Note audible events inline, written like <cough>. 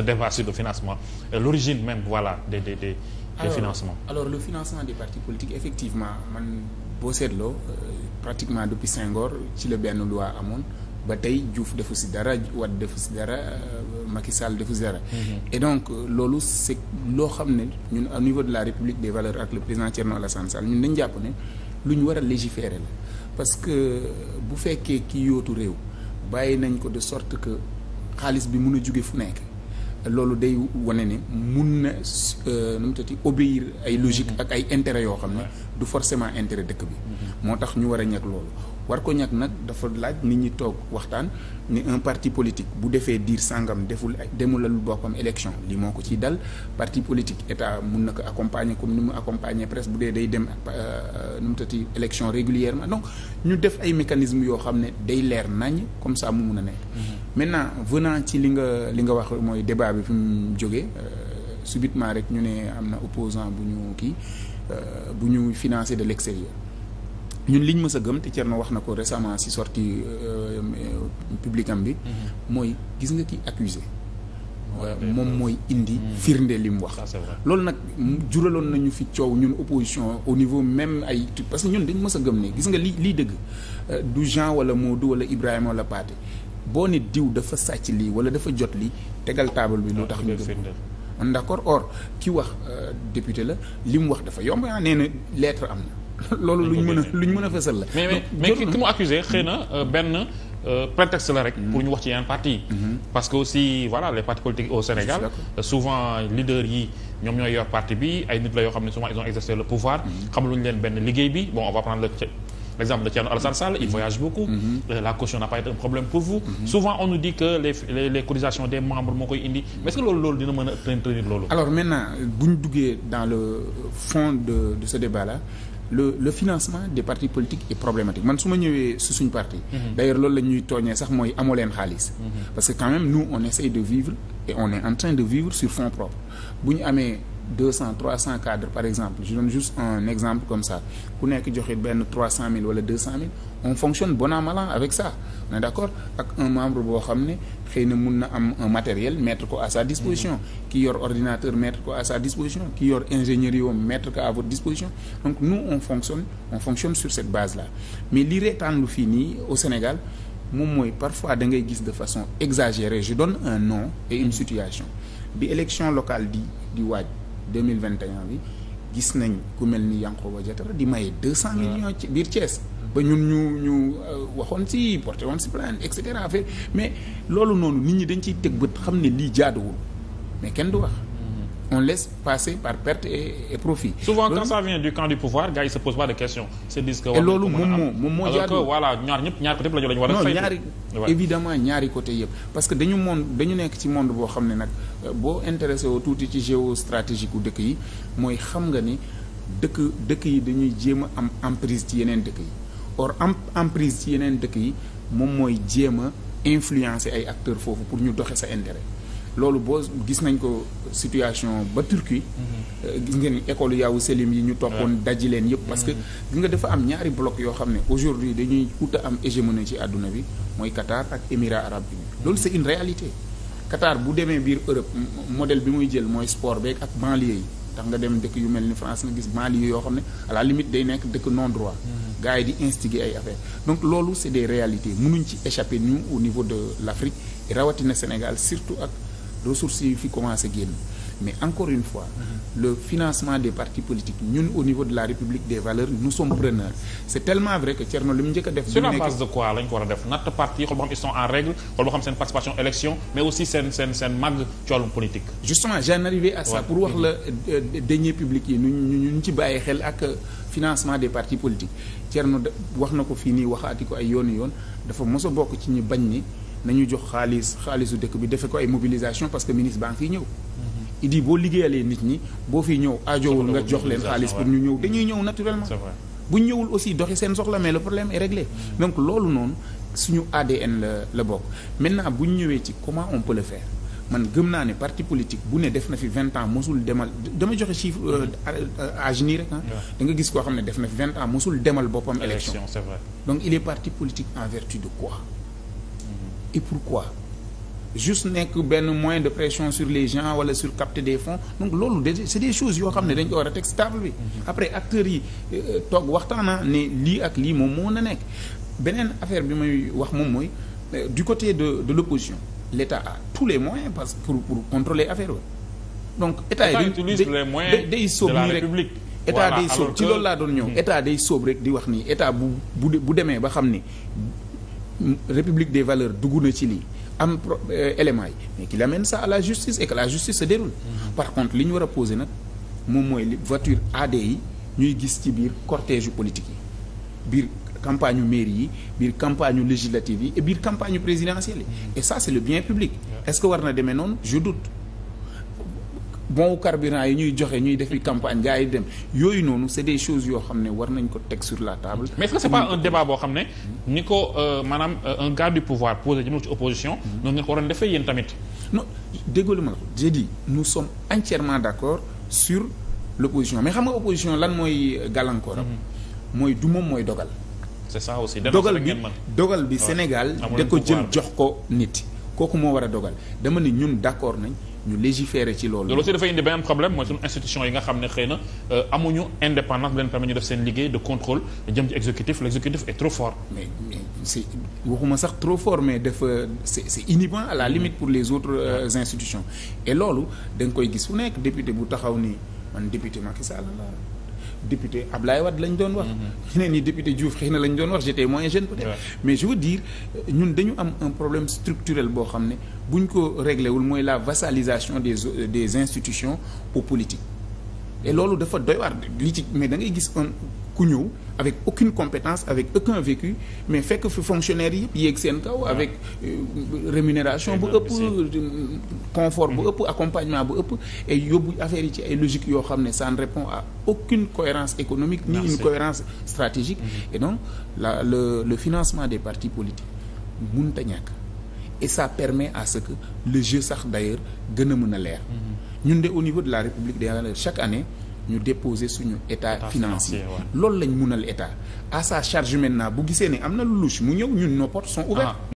se débat financement et euh, l'origine même voilà des des des alors, financements. alors le financement de partis politiques effectivement man boo seetloo euh, pratiquement depuis Senghor ci la benn loi amoon ba tey Diouf defu si dara Wade defu si dara euh, Macky Sall defu si dara. Mhm. et donc loolu c'est loo xam ne ñun au niveau de la République de valeurs ak le président Thierno Alassane Sall ñun dañ jàpp ne lu ñu war a légiférer la parce que bu fekkee ki yootu réew bàyyi nañ ko de sorte que xaalis bi mun a jóge fu nekk. loolu day wane ne mun na euh, nu mu tati obéir ay logique ak ay intérêt yoo xam ne du forcément intérêt dëkk bi mm-hmm. moo tax ñu war a ñeg loolu war ko ñàkk nag dafa laaj nit ñi toog waxtaan ni un parti politique bu defee diir sàngam deful lu demulalu boppam élection li moo ko ciy dal parti politique état mun na ko accompagner comme ni mu accompagner presse bu dee day dem euh, nu mu tati élection régulièrement donc ñu def ay mécanismes yoo xam ne day leer nañ comme ça mu mun a nekk. Mm-hmm. maintenant venant ci li nga li nga wax mooy débat bi fi mu jógee euh, subitement rek ñu ne am na opposant bu ñu kii euh, bu ñu financé de l'extérieur ñun liñ mës a gëm te na wax na ko récemment si sorti euh, publique am bi mm-hmm. mooy gis nga ki accusé euh, moom mooy indi mm-hmm. firnde li mu wax loolu nag juraloon nañu fi coow ñun opposition au niveau même ay parce que ñun dañ mës a gëm ne gis nga li lii dëgg euh, du Jean wala Modou wala Ibrahima wala Pathé boo ne diw dafa sàcc lii wala dafa jot li tegal taabal bi lu ah, tax def gëm d'accord or ki wax député la li mu wax dafa yomb ah nee na lettre am na <laughs> loolu luñ mën a luñ mën a fësal la. mais mais mais ki mu accusé xëy na euh, benn euh, prétexte la rek. Mm-hmm. pour ñu wax ci yeneen parti yi. Mm-hmm. parce que aussi voilà les partis politiques au Sénégal. souvent leader yi ñoom ñooy yor parti bi ay nit la yoo xam ne souvent ils ont exercé le pouvoir. Mm-hmm. xamaluñ leen benn liggéey bi bon on va prendre le. exemple de Thierno Alassane Sall il voyage beaucoup mm -hmm. euh, la caution n'a pas été un problème pour vous souvent on nous dit que les les, des membres moo koy indi mais est loolu loolu dina mën a tenir loolu alors maintenant bu ñu duggee dans le fond de de ce débat le le financement des partis politiques est problématique man su ma ñëwee su suñ parti. Mhm. d'ailleurs loolu la tooñee sax mooy amoo leen xaalis. Mhm. parce que quand nous on essaye de vivre et on est en train de vivre sur fonds propres bu ñu amee. deux cent trois cent cadres par exemple je donne juste un exemple comme ça ku nekk joxe benn trois cent mille wala deux cent mille on fonctionne bon an mal an avec ça on d'accord ak un membre boo xam ne xëy na mun na am un matériel mettre ko à sa disposition mm-hmm. ki yor ordinateur mettre ko à sa disposition ki yor ingénieur yoom mettre ko à votre disposition donc nous on fonctionne sur cette base la mais li reetaan lu fii nii au Sénégal moom mooy parfois da ngay gis de façon exagérée je donne un nom et mm-hmm. situation bi élection locale di di waaj deux mille vingt et un bi gis nañ ku mel ni Yankhoba Diattara di may deux cent millions ci biir Thiès. ba ñun ñu ñu euh, waxoon si porté woon si plainte et cetera mais loolu noonu nit ñi dañ ciy teg bët xam ne lii jaaduwul mais kenn du wax. on laisse passer par perte et, et profit. souvent quand ça vient du camp du pouvoir gars yi se posent pas de questions. se disent que loolu moom moo moom moo jaadu voilà ñaar ñëpp ñaar côté yëpp la ñu a. saytu non ñaari évidemment ñaari côté yëpp. parce que dañu monde dañu nekk ci monde boo xam ne nag euh, boo intéressé woo tuuti ci géostratégique u dëkk yi mooy xam nga ni dëkk dëkk yi dañuy jéem a am emprise ci yeneen dëkk yi or am emprise ci yeneen dëkk yi moom mooy jéem a influencer ay acteurs foofu pour ñu doxe sa intérêt. loolu boo gis nañ ko situation ba Turquie. Mhm. Euh, gis ngeen école Yavuz Selim yi ñu toppoon daji leen yëpp. parce que mhm. gis nga dafa am ñaari bloc yoo xam ne aujourd'hui dañuy ut am hégémonie ci àdduna bi mooy Qatar ak Émirats arabes unis mhm. loolu c'est une réalité Qatar bu demee biir Europe modèle bi muy jël mooy sport beeg ak banlieue yi tax nga dem dëkk yu mel ni France nga gis banlieue yoo xam ne à la limite day nekk dëkk non droit. gars yi di instiguer ay affaires donc loolu c'est des réalités mënuñ ci échapper ñu au niveau de l'Afrique rawatina Sénégal surtout ak. ressources yi fi commencé génn mais encore une fois mhm. le financement des partis politiques ñun au niveau de la République des valeurs nous sommes preneurs c'est tellement vrai que Thierno li mu njëkk a def sur la base de quoi lañ ko war a def natt parti xool ba xam en règle xool ba xam seen participation élection mais aussi seen seen seen justement j'en arrivé pour wax la mhm. euh, euh, deniers publics yi ñu ñu ci bàyyi xel ak euh, financement des partis politiques Thierno wax na ko fii nii waxaati ko ay yoonu yoon dafa mos bokk ci ñu bañ ni nañu jox xaalis xaalisu dëkk bi defe ko ay mobilisation parce que ministre baa ngi fiy ñëw mhm. il dit boo liggéeyalee nit ñi boo fiy ñëw aajowul nga jox leen xaalis pour ñu ñëw dañuy ñëw naturellement bu ñëwul aussi doxi seen soxla mais le problème est réglé mhm. donc loolu noonu suñu ADN la bokk maintenant bu ñu ñëwee ci comment on peut le faire man gëm naa ne parti politique bu ne def na fi vingt ans mosul demal dama joxe chiffre âge euh, nii rek ah. da gis koo xam ne def na fi vingt ans mosul demal boppam. élection c'est vrai donc il est parti politique en vertu de et pourquoi juste nekk benn moyen de pression sur les gens wala sur capter des fonds donc loolu déjà c'est des choses yoo xam ne dañ ko war a teg stable bi après acteurs yi euh, toog waxtaana ni lii ak lii moom moo na nekk beneen affaire bi may wax moom mooy euh, du côté de de l'opposition l'État a tous les moyens parce que pour pour contrôler affaire wa donc État yi day soob nii rek État day soob ci loolu laa doon ñëw mmh. État day soob rek di wax nii État bu bu demee ba xam ni république des valeurs duggu na ci lii am euh, élément yi mais qu'il amène ça à la justice et que la justice se déroule mm-hmm. par contre li ñu war a poser nag moom mooy li voiture AD yi ñuy gis ci biir cortège yu politique yi biir campagne yu mairie yi biir campagne yu législative yi et biir campagne yu présidentielle yi mm-hmm. et ça c'est le bien public est-ce que war na demee noonu je doute bon carburant yi ñuy joxe ñuy defi campagne gars yi dem yooyu noonu c'est des choses yoo xam ne war nañ ko teg sur la table. mais est-ce que c'est pas un mm. débat boo xam ne. ni ko euh, maanaam euh, un garde du pouvoir posé jëmale ci opposition. Mm. noonu ngeen ko waroon defee yéen tamit. ma la ko j'ai dit nous sommes entièrement d'accord sur l'opposition mais xam nga opposition lan mooy gàllankooram. Mm-hmm. mooy du moom mooy dogal. c'est ça aussi dogal bi dogal bi Sénégal da ko jël jox ko nit kooku moo war a dogal dama ne ñun d'accord nañ. ñu légiférer ci loolu. loolu aussi dafay indi beneen problème mooy suñu institution yi nga xam ne xëy na euh, amuñu indépendance leen permettre ñu def seen liggéey de contrôle jëm ci exécutif l' exécutif est trop fort. mais mais c' waxuma sax trop fort mais dafa c' est à la mm-hmm. limite pour les autres euh, institutions. et loolu danga koy gis fu nekk député bu taxaw nii man député Macky Sall la député Ablaye Wade lañ doon wax. ñeneen mm-hmm. ñi député Diouf xëy na lañ doon wax j'étais moins jeune peut-être. mais je veux dire ñun dañu am un problème structurel boo xam ne buñ ko réglé wul mooy la vassalisation des des institutions aux politiques. et loolu dafa doy waar li ci mais da ngay gis un. ku ñëw avec aucune compétence avec aucun vécu mais fekk fi fonctionnaire yëpp yéeg seen kaw avec euh, rémunération bu ëpp confort bu mm-hmm. ëpp accompagnement bu ëpp et yóbbu affaire yi ci ay logique yoo xam ne ça ne répond à aucune cohérence économique ni une cohérence stratégique mm-hmm. et donc la le le financement des partis politiques munta ñàkk et ça permet à ce que le jeu sax d'ailleurs gën a mën a leer mm-hmm. au niveau de la République des valeurs chaque année ñu déposer suñu état financier loolu lañ al état à sa charge maintenant bu gisee ne am na lu louche mu ñëw ñun nos portes sont ouvertes ah.